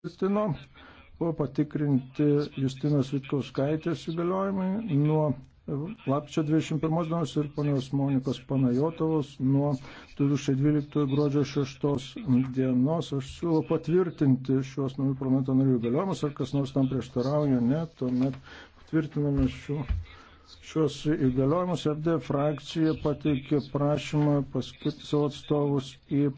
patvirtino, buvo patikrinti Justinos Vitkauskaitės įgaliojimai nuo lapčio 21 dienos ir ponios Monikos Panajotovos nuo 2012 gruodžio 6 dienos. Aš siūlau patvirtinti šios naujų parlamento narių įgaliojimus, ar kas nors tam prieštarauja, ne, tuomet patvirtiname šių. Šios įgaliojimus FD frakcija pateikė prašymą paskirti savo atstovus į